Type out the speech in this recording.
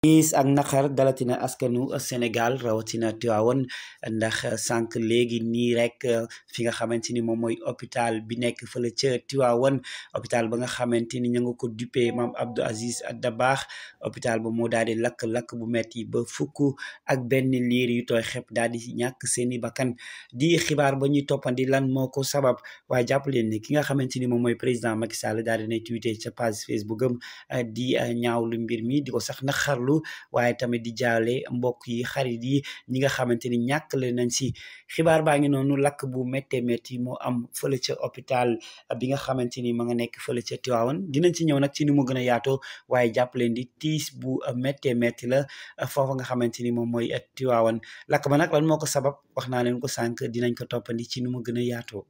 iis ak naqar dalatina askanu Sénégal rawatina Tiwaawan ndax sànq léegi nii rek fi nga xamante ni moom mooy hôpital bi nekk fële ca Tiwaawan hôpital ba nga xamante ni ñu nga ko duppee maam Abdou Aziz Dabakh hôpital ba moo daal di lakk-lakk bu metti ba fukk ak benn liir yu tooy xepp daal di ñàkk seeni bakkan di xibaar ba ñuy toppandi lan moo ko sabab waaye jàpp leen ni ki nga xamante ni moom mooy président Macky Sall daal di na tuité ca page Facebook am di ñaawlu mbir mi di ko sax naqarlu waaye tamit di jaale mbokk yi xarit yi ñi nga xamante ni ñàkk nañ si xibaar baa ngi noonu lakk bu méttee métti moo am fële ca hôpital bi nga xamante ni ma nga nekk fële ca Tivaouane dinañ si ñëw nag ci ni mu gën a yaatoo waaye jàpp leen di tiis bu méttee métti la foofa nga xamante ni moom mooy Tivaouane lakk ba nag lan moo ko sabab wax naa leen ko sànq dinañ ko toppandi ci ni mu gën a yaatoo